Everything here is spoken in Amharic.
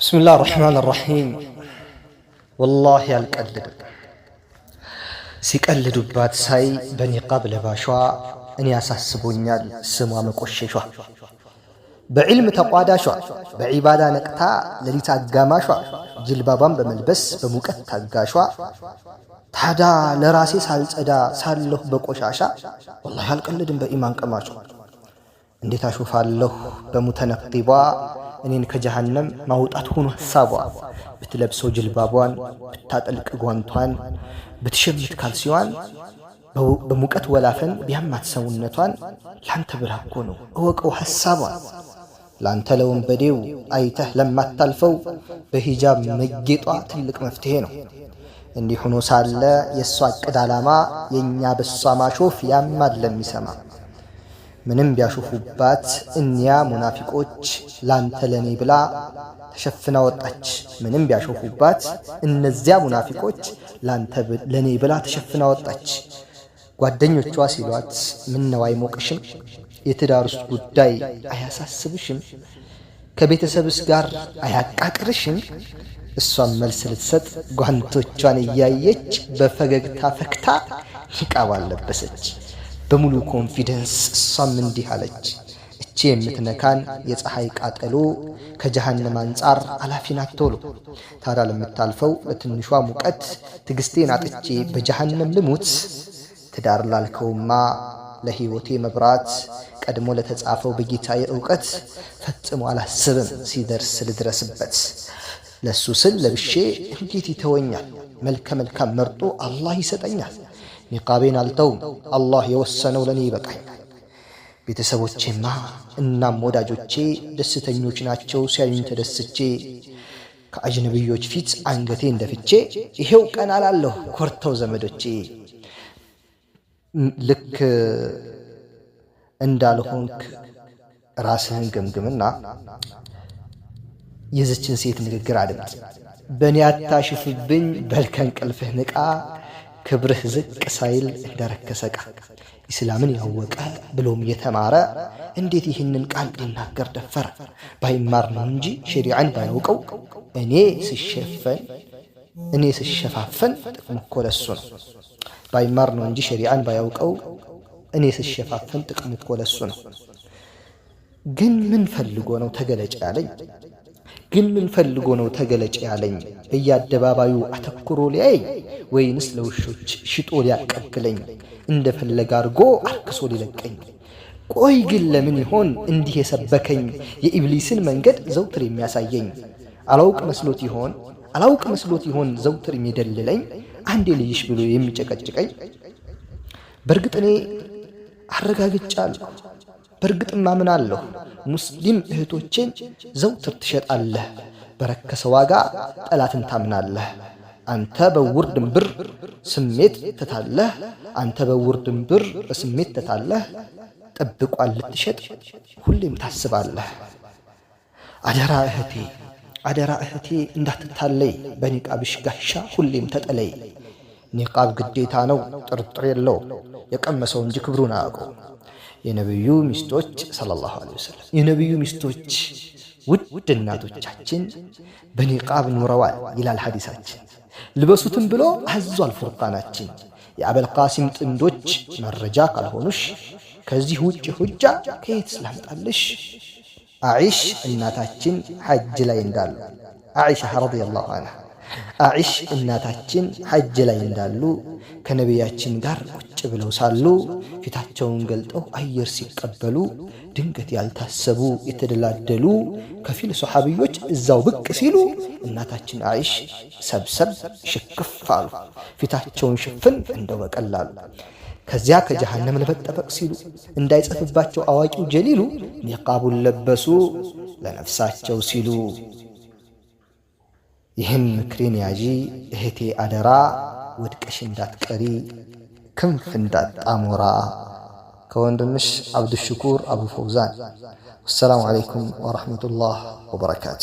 ብስምላህ ራሕማን ራሒም። ወላሂ አልቀልድም። ሲቀልዱባት ሳይ በኒቃብ ለባሿ እኔ ያሳስቦኛል ስሟ መቆሸሿ፣ በዕልም ተቋዳሿ፣ በዒባዳ ነቅታ ሌሊት አጋማሿ፣ ጅልባቧን በመልበስ በሙቀት ታጋሿ ታዳ ለራሴ ሳልጸዳ ሳለሁ በቆሻሻ ወላሂ አልቀልድም በኢማን ቀማሿ እንዴት አሾፋለሁ በሙተነቂቧ እኔን ከጀሃነም ማውጣት ሆኖ ሐሳቧ ብትለብሰው ጅልባቧን ብታጠልቅ ጓንቷን ብትሸምት ካልሲዋን በሙቀት ወላፈን ቢያማት ሰውነቷን ላንተ ብላ እኮ ነው እወቀው ሐሳቧን ላንተ ለወንበዴው አይተህ ለማታልፈው በሂጃብ መጌጧ ትልቅ መፍትሄ ነው። እንዲህ ሆኖ ሳለ የእሷ ዕቅድ ዓላማ የእኛ በሷ ማሾፍ ያማድ ለሚሰማ ምንም ቢያሾፉባት እኒያ ሙናፊቆች ላንተ ለኔ ብላ ተሸፍና ወጣች። ምንም ቢያሾፉባት እነዚያ ሙናፊቆች ላንተ ለኔ ብላ ተሸፍና ወጣች። ጓደኞቿ ሲሏት ምነው አይሞቅሽም? የትዳር ውስጥ ጉዳይ አያሳስብሽም? ከቤተሰብስ ጋር አያቃቅርሽም? እሷን መልስ ልትሰጥ ጓንቶቿን እያየች በፈገግታ ፈክታ ኒቃብ አለበሰች። በሙሉ ኮንፊደንስ እሷም እንዲህ አለች፣ እቺ የምትነካን የፀሐይ ቃጠሎ ከጀሃነም አንጻር አላፊ ናት ታዳ ለምታልፈው ለትንሿ ሙቀት ትግስቴን አጥቼ በጀሃነም ልሙት። ትዳር ላልከውማ ለሕይወቴ መብራት ቀድሞ ለተጻፈው በጌታ እውቀት ፈጽሞ አላስብም ሲደርስ ልድረስበት ለእሱ ስል ለብሼ እንዴት ይተወኛል መልከ መልካም መርጦ አላህ ይሰጠኛል። ኒቃቤን አልተውም። አላህ የወሰነው ለእኔ ይበቃኝ። ቤተሰቦቼማ እናም ወዳጆቼ ደስተኞች ናቸው ሲያዩኝ ተደስቼ ከአጅነብዮች ፊት አንገቴ እንደፍቼ ይሄው ቀን አላለሁ ኮርተው ዘመዶቼ ልክ እንዳልሆንክ ራስህን ገምግምና የዝችን ሴት ንግግር አድምጥ። በእኔ አታሽፍብኝ በልከን ቅልፍህ ንቃ ክብርህ ዝቅ ሳይል እንደረከሰ ኢስላምን ያወቀ ብሎም የተማረ እንዴት ይህንን ቃል ሊናገር ደፈረ? ባይማር ነው እንጂ ሸሪዓን ባያውቀው እኔ ስሸፈን እኔ ስሸፋፈን ጥቅሙ እኮ ለሱ ነው። ባይማር ነው እንጂ ሸሪዓን ባያውቀው እኔ ስሸፋፈን ጥቅሙ እኮ ለሱ ነው። ግን ምን ፈልጎ ነው ተገለጭ ያለኝ? ግን ምን ፈልጎ ነው ተገለጭ ያለኝ? በየአደባባዩ አተኩሮ ሊያየኝ ወይንስ ለውሾች ሽጦ ሊያቀብለኝ እንደፈለገ አድርጎ አርክሶ ሊለቀኝ? ቆይ ግን ለምን ይሆን እንዲህ የሰበከኝ የኢብሊስን መንገድ ዘውትር የሚያሳየኝ? አላውቅ መስሎት ይሆን አላውቅ መስሎት ይሆን ዘውትር የሚደልለኝ አንዴ ልይሽ ብሎ የሚጨቀጭቀኝ? በእርግጥ እኔ አረጋግጫለሁ፣ በእርግጥም አምናለሁ። ሙስሊም እህቶቼን ዘውትር ትሸጣለህ፣ በረከሰ ዋጋ ጠላትን ታምናለህ። አንተ በውር ድንብር ስሜት ተታለህ አንተ በውር ድንብር ስሜት ተታለህ ጠብቋን ልትሸጥ ሁሌም ታስባለህ። አደራ እህቴ አደራ እህቴ እንዳትታለይ በኒቃብሽ ጋሻ ሁሌም ተጠለይ። ኒቃብ ግዴታ ነው፣ ጥርጥር የለው። የቀመሰው እንጂ ክብሩን አያውቀው። የነቢዩ ሚስቶች ሰለላሁ ዐለይሂ ወሰለም የነቢዩ ሚስቶች ውድ እናቶቻችን በኒቃብ ኑረዋል ይላል ሐዲሳችን። ልበሱትም ብሎ አዟል ፉርቃናችን። የአበልቃሲም ጥንዶች መረጃ ካልሆኑሽ ከዚህ ውጭ ሁጃ ከየት ስላምጣልሽ? አዒሽ እናታችን ሐጅ ላይ እንዳሉ አዒሻ ረዲየላሁ አንሃ አዒሽ እናታችን ሐጅ ላይ እንዳሉ ከነቢያችን ጋር ቁጭ ብለው ሳሉ ፊታቸውን ገልጠው አየር ሲቀበሉ ድንገት ያልታሰቡ የተደላደሉ ከፊል ሰሓቢዮች እዛው ብቅ ሲሉ እናታችን አዒሽ ሰብሰብ ሽክፍ አሉ። ፊታቸውን ሽፍን እንደው በቀላሉ ከዚያ ከጀሃነም ለመጠበቅ ሲሉ እንዳይጸፍባቸው አዋቂው ጀሊሉ ኒቃቡን ለበሱ ለነፍሳቸው ሲሉ ይህም ምክሬን ያዢ እህቴ አደራ፣ ወድቀሽ እንዳትቀሪ ክንፍ እንዳጣሞራ። ከወንድምሽ አብዱሽኩር አቡ ፈውዛን። ወሰላሙ ዓለይኩም ወረሕመቱላህ ወበረካቱ።